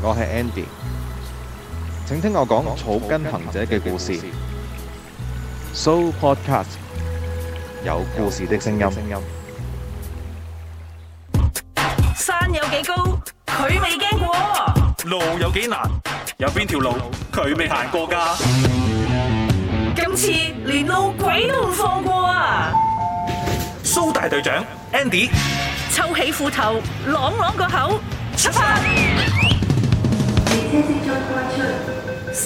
我係 Andy，請聽我講草根行者嘅故事。So podcast 有故事的聲音。山有幾高，佢未驚過；路有幾難，有邊條路佢未行過㗎？今次連路鬼都唔放過啊！蘇大隊長 Andy，抽起褲頭，朗朗個口，出發！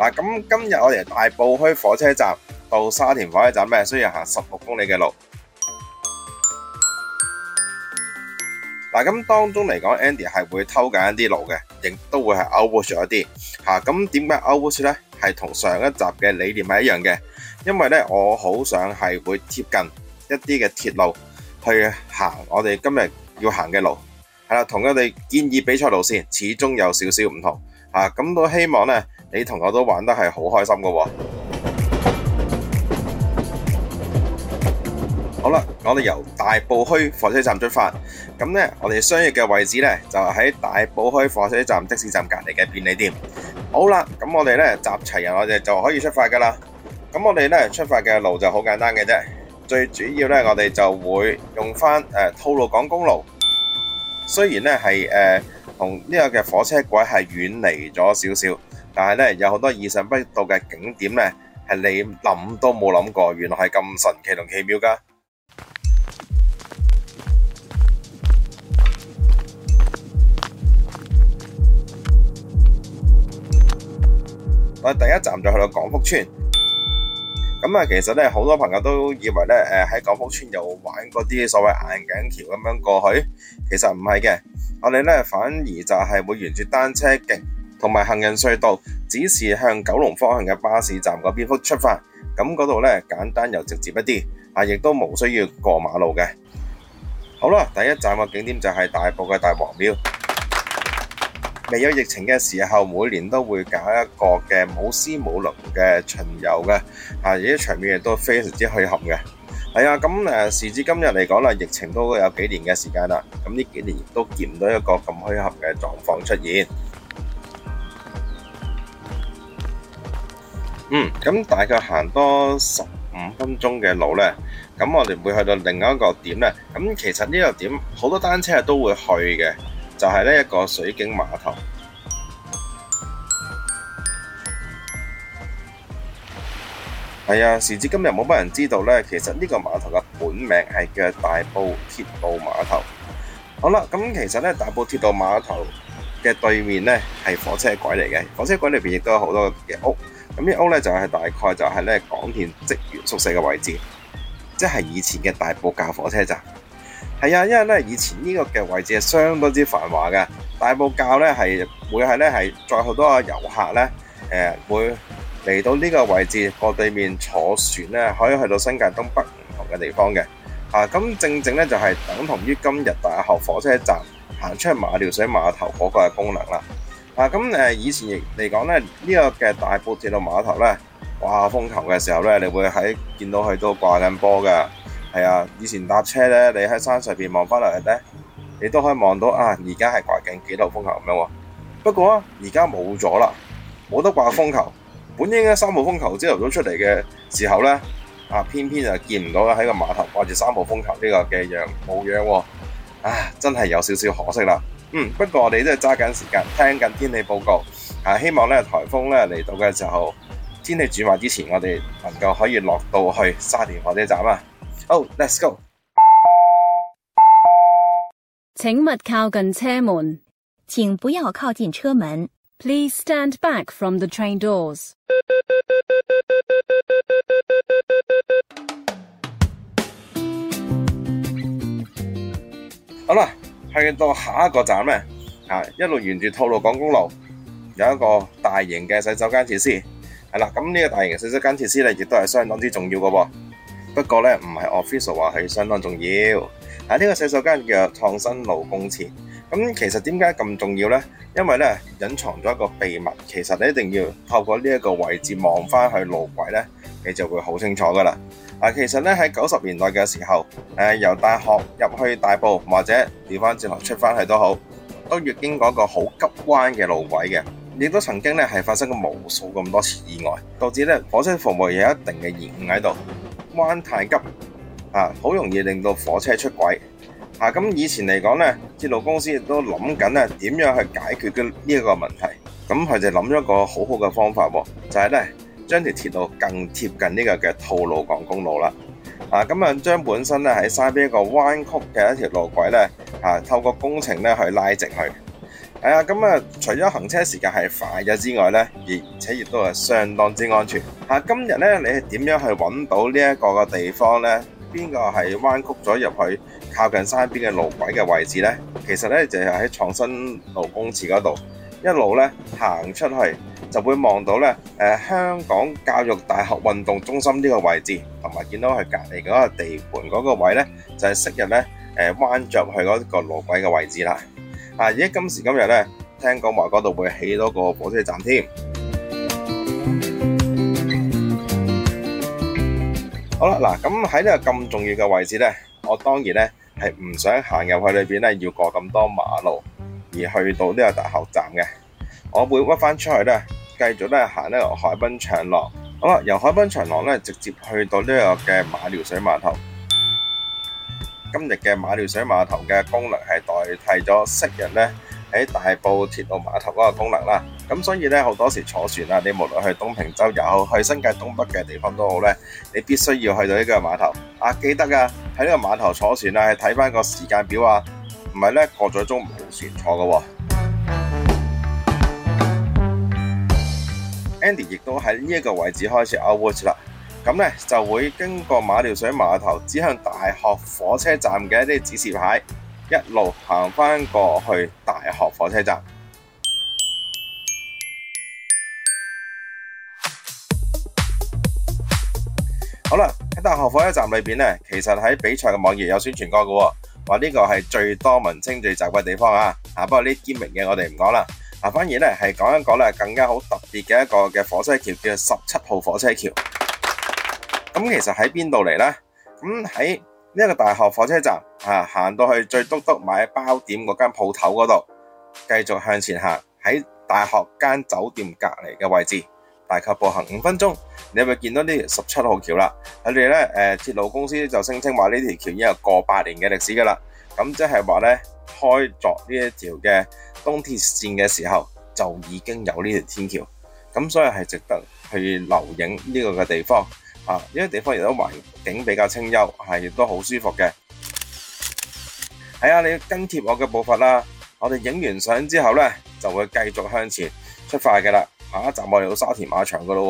嗱，咁今日我哋大埔墟火車站到沙田火車站咧，需要行十六公里嘅路。嗱，咁 當中嚟講，Andy 係會偷緊一啲路嘅，亦都會係 over 咗一啲吓。咁點解 over 咧？係同上一集嘅理念係一樣嘅，因為咧我好想係會貼近一啲嘅鐵路去行我哋今日要行嘅路係啦，同我哋建議比賽路線始終有少少唔同吓，咁都希望咧。你同我都玩得係好開心㗎喎，啊！好啦，我哋由大埔墟火車站出發，咁呢，我哋相約嘅位置呢，就喺、是、大埔墟火車站，即站的士站隔籬嘅便利店。好啦，咁我哋呢，集齊人，我哋就可以出發噶啦。咁我哋呢出發嘅路就好簡單嘅啫，最主要呢，我哋就會用返誒吐露港公路，雖然呢係誒同呢個嘅火車軌係遠離咗少少。但係咧，有好多意想不到嘅景點咧，係你諗都冇諗過，原來係咁神奇同奇妙噶。 我第一站就去到港福村，咁啊， 其實咧，好多朋友都以為咧，誒喺港福村又玩嗰啲所謂眼鏡橋咁樣過去，其實唔係嘅，我哋咧反而就係會沿住單車徑，同埋行人隧道，只是向九龍方向嘅巴士站嗰邊出發，咁嗰度呢，簡單又直接一啲，啊，亦都無需要過馬路嘅。好啦，第一站嘅景點就係大埔嘅大王廟。未有疫情嘅時候，每年都會搞一個嘅舞獅舞龍嘅巡遊嘅，啊，而啲場面亦都非常之墟冚嘅。係、哎、啊，咁誒時至今日嚟講啦，疫情都有幾年嘅時間啦，咁呢幾年都見唔到一個咁墟冚嘅狀況出現。嗯，咁大概行多十五分鐘嘅路呢。咁我哋會去到另一個點呢。咁其實呢個點好多單車都會去嘅，就係、是、呢一個水景碼頭。係啊、嗯，時至今日冇乜人知道呢。其實呢個碼頭嘅本名係叫大埔鐵道碼頭。好啦，咁其實呢大埔鐵道碼頭嘅對面呢係火車軌嚟嘅，火車軌裏邊亦都有好多嘅屋。咁呢屋咧就係、是、大概就係咧港鐵職員宿舍嘅位置，即係以前嘅大埔滘火車站。係啊，因為咧以前呢個嘅位置係相當之繁華嘅。大埔滘咧係會係咧係載好多遊客咧，誒會嚟到呢個位置過對面坐船咧，可以去到新界東北唔同嘅地方嘅。啊，咁正正咧就係等同於今日大學火車站行出馬料水碼頭嗰個嘅功能啦。啊，咁誒，以前嚟講咧，這個、呢個嘅大埔鐵路碼頭咧，掛風球嘅時候咧，你會喺見到佢都掛緊波噶係啊，以前搭車咧，你喺山上邊望翻落嚟咧，你都可以望到啊，而家係掛緊幾度風球咁樣喎。不過啊，而家冇咗啦，冇得掛風球。本應該三號風球朝頭早出嚟嘅時候咧，啊，偏偏就見唔到啦，喺個碼頭掛住三號風球呢個嘅樣冇樣、啊，啊，真係有少少可惜啦。嗯，不過我哋都係揸緊時間聽緊天氣報告，啊，希望咧颱風咧嚟到嘅時候，天氣轉壞之前，我哋能夠可以落到去，去沙田火車站啊。哦，let's go。請勿靠近車門，請不要靠近車門。Please stand back from the train doors 好。好啦。去到下一個站咧，一路沿住吐露港公路有一個大型嘅洗手間設施係啦。咁呢個大型嘅洗手間設施咧，亦都係相當之重要噶。不過咧，唔係 official 話係相當重要。啊，呢、這個洗手間叫創新路公廁。咁其實點解咁重要咧？因為咧隱藏咗一個秘密，其實你一定要透過呢一個位置望翻去路軌咧。你就會好清楚噶啦。其實呢，喺九十年代嘅時候，呃，由大學入去大埔，或者調翻轉頭出翻去都好，都要經過一個好急彎嘅路位嘅。亦都曾經呢係發生過無數咁多次意外，導致呢火車服務有一定嘅延誤喺度，彎太急啊，好容易令到火車出軌。啊，咁以前嚟講呢，鐵路公司亦都諗緊呢點樣去解決嘅呢一個問題。咁佢就諗咗一個好好嘅方法喎，就係呢。將條鐵路更貼近呢個嘅吐露港公路啦，啊！啊，咁啊將本身咧喺山邊一個彎曲嘅一條路軌呢，啊，啊透過工程呢去拉直去。啊，咁啊，啊除咗行車時間係快咗之外呢，而且亦都係相當之安全。啊、今日呢，你係點樣去揾到呢一個嘅地方呢？邊個係彎曲咗入去靠近山邊嘅路軌嘅位置呢？其實呢，就係、是、喺創新路公廁嗰度一路呢行出去。就會望到咧，誒香港教育大學運動中心呢個位置，同埋見到佢隔離嗰個地盤嗰個位咧，就係昔日咧，誒彎著去嗰個路軌嘅位置啦。啊，而家今時今日咧，聽講話嗰度會起多個火車站添。好啦，嗱，咁喺呢個咁重要嘅位置咧，我當然咧係唔想行入去裏邊咧，要過咁多馬路而去到呢個大學站嘅，我會屈翻出去咧。繼續都係行呢個海濱長廊，好啦，由海濱長廊咧直接去到呢個嘅馬料水碼頭。今日嘅馬料水碼頭嘅功能係代替咗昔日咧喺大埔鐵路碼頭嗰個功能啦。咁所以咧好多時坐船啊，你無論去東平洲又好，去新界東北嘅地方都好咧，你必須要去到呢個碼頭。啊，記得啊，喺呢個碼頭坐船啊，係睇翻個時間表啊，唔係咧過咗鐘唔好船坐噶。Andy 亦都喺呢一個位置開始 walk 啦，咁呢，就會經過馬料水碼頭，指向大學火車站嘅一啲指示牌，一路行翻過去大學火車站好了。好啦，喺大學火車站裏邊呢，其實喺比賽嘅網頁有宣傳過嘅，話呢個係最多文青聚集嘅地方啊！吓，不過呢啲機明嘅我哋唔講啦。嗱，反而咧係講一講咧更加好特別嘅一個嘅火車橋，叫十七號火車橋。咁其實喺邊度嚟呢？咁喺呢個大學火車站吓，行、啊、到去最篤篤買包點嗰間鋪頭嗰度，繼續向前行，喺大學間酒店隔籬嘅位置，大概步行五分鐘，你會見到條17呢十七號橋啦。佢哋呢誒，鐵路公司就聲稱話呢條橋已經有過百年嘅歷史噶啦。咁即係話呢，開鑿呢一條嘅。東鐵綫嘅時候就已經有呢條天橋，咁所以係值得去留影呢個嘅地方啊！呢個地方亦、啊、都環境比較清幽，係亦都好舒服嘅。係、嗯、啊，你要跟貼我嘅步伐啦！我哋影完相之後咧，就會繼續向前出發㗎啦。下一站我哋到沙田馬場噶啦。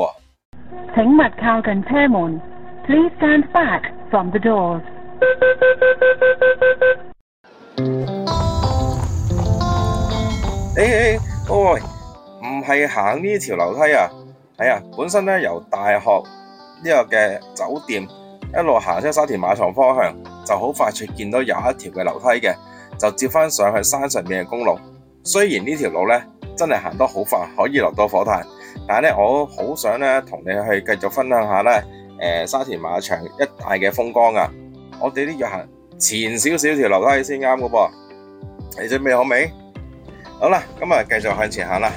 請勿靠近車門。Please stand back from the doors. 唔係行呢條樓梯啊，係啊，本身咧由大學呢個嘅酒店一路行出沙田馬場方向，就好快脆見到有一條嘅樓梯嘅，就接翻上去山上面嘅公路。雖然這條呢條路咧真係行得好快，可以落到火炭，但係咧我好想咧同你去繼續分享一下咧，誒、呃、沙田馬場一帶嘅風光啊！我哋呢要行前少少條樓梯先啱嘅噃，你準備好未？好啦，咁啊，繼續向前行啦。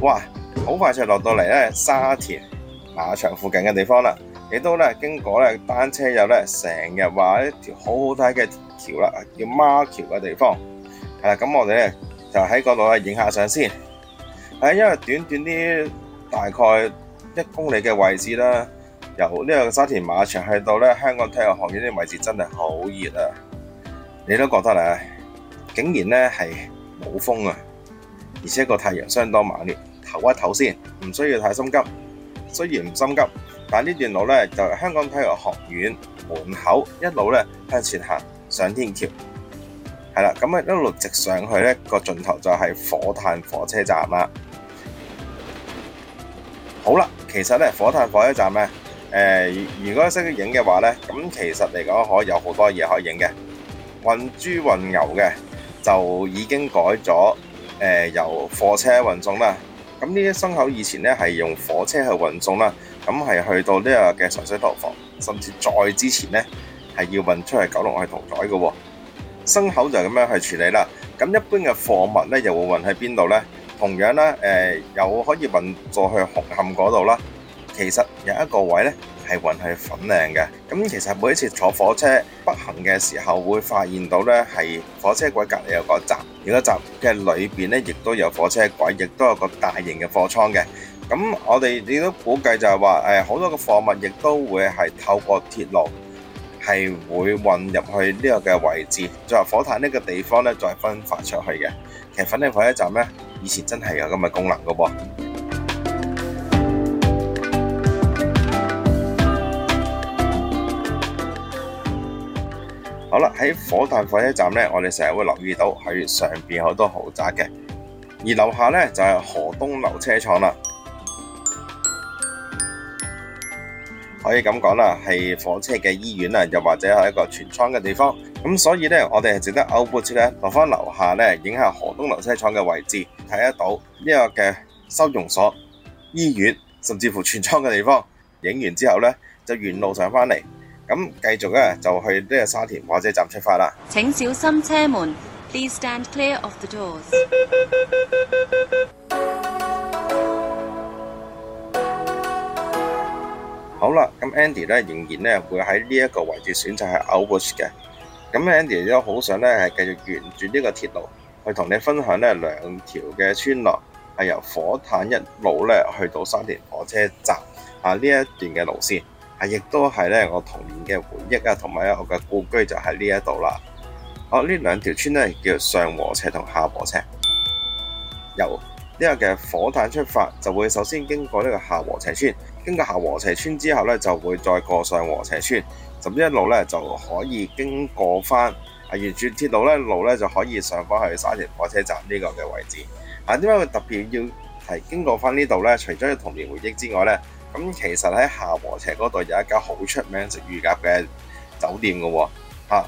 哇，好快就落到嚟沙田馬場附近嘅地方啦，亦都咧經過咧單車友咧成日話一條好好睇嘅橋啦，叫孖橋嘅地方。係啦，咁我哋呢就喺嗰度影下相先。因為短短啲，大概一公里嘅位置啦。由呢個沙田馬場去到咧香港體育學院呢位置，真係好熱啊！你都覺得啦？竟然咧係冇風啊，而且個太陽相當猛烈。唞一唞先，唔需要太心急。雖然唔心急，但呢段路咧就係香港體育學院門口一路咧向前行上天橋，係啦。咁啊一路直上去咧個盡頭就係火炭火車站啦。好啦，其實咧火炭火車站咧。誒、呃，如果識得影嘅話呢，咁其實嚟講可以有好多嘢可以影嘅。運豬運牛嘅就已經改咗，誒、呃、由貨車運送啦。咁呢啲牲口以前呢係用火車去運送啦，咁係去到呢個嘅上水屠房，甚至再之前呢係要運出去九龍去屠宰嘅喎。牲口就咁樣去處理啦。咁一般嘅貨物呢，又會運喺邊度呢？同樣咧，誒、呃、又可以運載去紅磡嗰度啦。其實有一個位呢，係運去粉嶺嘅，咁其實每一次坐火車北行嘅時候，會發現到呢係火車軌隔籬有個站，而、那個站嘅裏邊呢，亦都有火車軌，亦都有個大型嘅貨倉嘅。咁我哋亦都估計就係話，誒，好多嘅貨物亦都會係透過鐵路係會運入去呢個嘅位置，再由火炭呢個地方呢，再分發出去嘅。其實粉嶺火車站呢，以前真係有咁嘅功能㗎喎。好啦，喺火炭火車站呢，我哋成日會留意到喺上邊好多豪宅嘅，而樓下呢，就係、是、何東樓車廠啦。可以咁講啦，係火車嘅醫院啊，又或者係一個存倉嘅地方。咁所以呢，我哋係值得嘔一次咧，落翻樓下咧影下何東樓車廠嘅位置，睇得到呢個嘅收容所、醫院，甚至乎存倉嘅地方。影完之後咧，就沿路上翻嚟。咁繼續咧就去呢個沙田火車站出發啦。請小心車門，Please stand clear of the doors。好啦，咁 Andy 咧仍然咧會喺呢一個位置選擇係 Out Bush 嘅。咁 Andy 都好想咧係繼續沿住呢個鐵路去同你分享呢兩條嘅村落，係由火炭一路咧去到沙田火車站啊呢一段嘅路線。亦都係咧，我童年嘅回憶啊，同埋我嘅故居就喺呢一度啦。哦，呢兩條村呢，叫上禾輋同下禾輋，由呢個嘅火炭出發，就會首先經過呢個下禾輋村，經過下禾輋村之後呢，就會再過上禾輋村，咁一路呢，就可以經過翻啊！沿住鐵路呢路呢，就可以上翻去沙田火車站呢個嘅位置。啊，點解會特別要係經過翻呢度呢？除咗嘅童年回憶之外呢。咁其實喺夏和斜嗰度有一間好出名食乳鴿嘅酒店嘅喎。啊啊，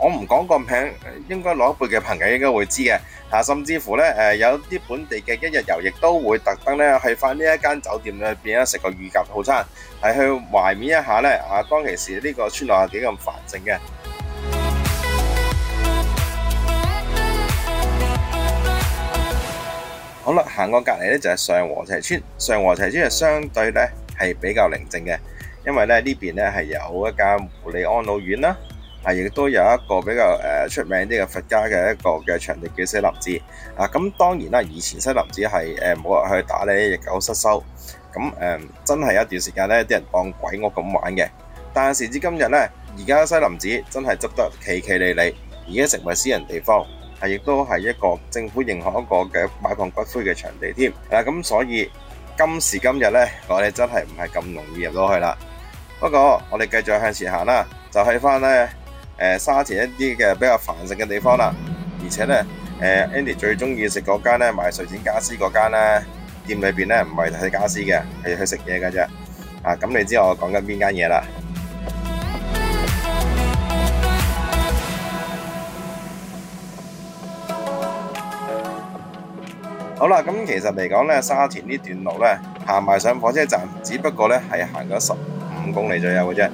我唔講個名，應該老一輩嘅朋友應該會知嘅，嚇！甚至乎呢，誒、呃、有啲本地嘅一日遊亦都會特登呢去翻呢一間酒店裏邊咧食個乳鴿套餐，係去懷緬一下呢。嚇、啊、當其時呢個村落係幾咁繁盛嘅。好啦，行過隔籬呢，就係上禾輋村。上禾輋村係相對呢，係比較寧靜嘅，因為呢呢邊呢，係有一間護理安老院啦，係亦都有一個比較誒出名啲嘅佛家嘅一個嘅場地叫西林寺啊。咁當然啦，以前西林寺係誒冇人去打理，亦久失修，咁誒、嗯、真係一段時間呢，啲人當鬼屋咁玩嘅。但係時至今日呢，而家西林寺真係執得奇奇利利，已經成為私人地方。亦都係一個政府認可一個嘅擺放骨灰嘅場地添。啊，咁所以今時今日呢，我哋真係唔係咁容易入到去啦。不過我哋繼續向前行啦，就去翻咧誒沙田一啲嘅比較繁盛嘅地方啦。而且呢誒 Andy 最中意食嗰間咧賣瑞典家私嗰間呢，店裏邊呢唔係睇家私嘅，係去食嘢㗎啫。啊，咁你知我講緊邊間嘢啦？好啦，咁其實嚟講咧，沙田呢段路咧，行埋上火車站，只不過咧係行咗十五公里左右嘅啫。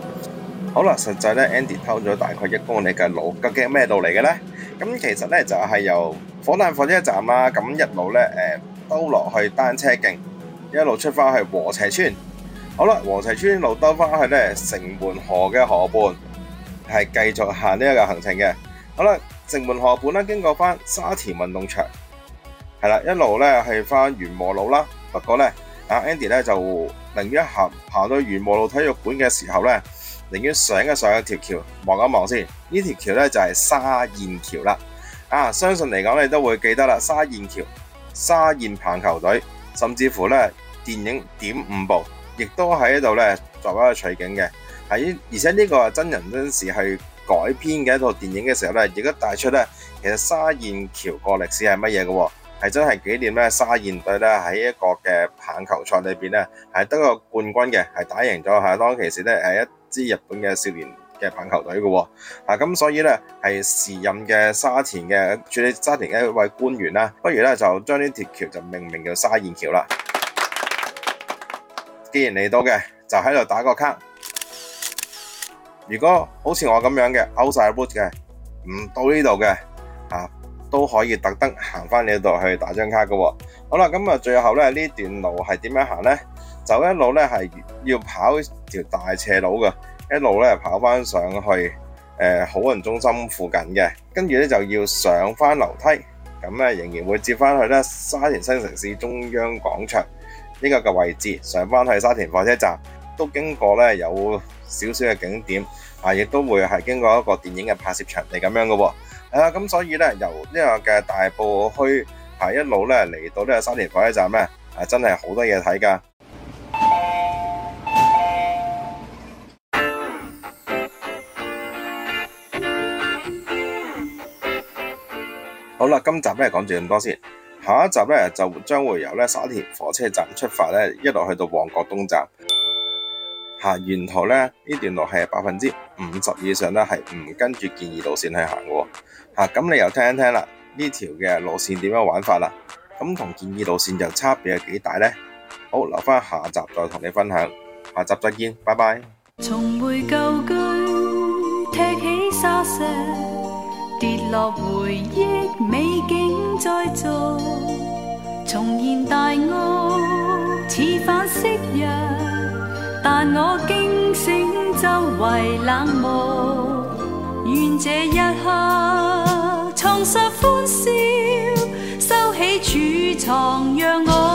好啦，實際咧，Andy 偷咗大概一公里嘅路，究竟係咩路嚟嘅咧？咁其實咧就係、是、由火炭火車站啊，咁一路咧誒兜落去單車徑，一路出翻去禾輋邨。好啦，禾輋邨路兜翻去咧，城門河嘅河畔，係繼續行呢一個行程嘅。好啦，城門河畔咧，經過翻沙田運動場。係啦，一路咧去翻元和路啦。不過咧，Andy 咧就寧願行行到元和路體育館嘅時候咧，寧願上一上一條橋望一望先。呢條橋咧就係沙燕橋啦。啊，相信嚟講你都會記得啦。沙燕橋、沙燕棒球隊，甚至乎咧電影點五部，亦都喺呢度咧作為一個取景嘅係。而且呢個真人真事係改編嘅一套電影嘅時候咧，亦都帶出咧其實沙燕橋個歷史係乜嘢嘅。係真係紀念咧，沙燕隊咧喺一個嘅棒球賽裏邊咧，係得個冠軍嘅，係打贏咗。係當其時咧，係一支日本嘅少年嘅棒球隊嘅。吓、啊、咁，所以咧係時任嘅沙田嘅處理沙田嘅一位官員啦，不如咧就將呢條橋就命名，名叫沙燕橋啦。既然嚟到嘅，就喺度打個卡。如果好似我咁樣嘅 out 晒 boot 嘅，唔到呢度嘅。都可以特登行翻呢度去打張卡喎。好啦，咁啊最後咧呢段路係點樣行呢？就一路咧係要跑條大斜路㗎，一路咧跑翻上去誒、呃、好運中心附近嘅，跟住咧就要上翻樓梯，咁咧仍然會接翻去咧沙田新城市中央廣場呢個嘅位置，上翻去沙田火車站，都經過咧有少少嘅景點，啊亦都會係經過一個電影嘅拍攝場嚟咁樣喎。係咁、啊、所以呢，由呢個嘅大埔墟係一路咧嚟到呢個沙田火車站呢，係、啊、真係 好多嘢睇噶。好啦，今集呢講住咁多先，下一集呢，就將會由呢沙田火車站出發呢一路去到旺角東站。行沿途咧呢段路係百分之五十以上咧，係唔跟住建議路線去行喎。吓、啊，咁你又聽一聽啦，呢條嘅路線點樣玩法啦？咁同建議路線就差別有幾大呢？好，留翻下集再同你分享，下集再見，拜拜。重回舊居但我驚醒，周圍冷漠。願這一刻重拾歡笑，收起儲藏，讓我。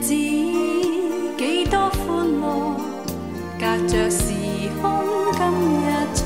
知幾多歡樂，隔着時空，今日。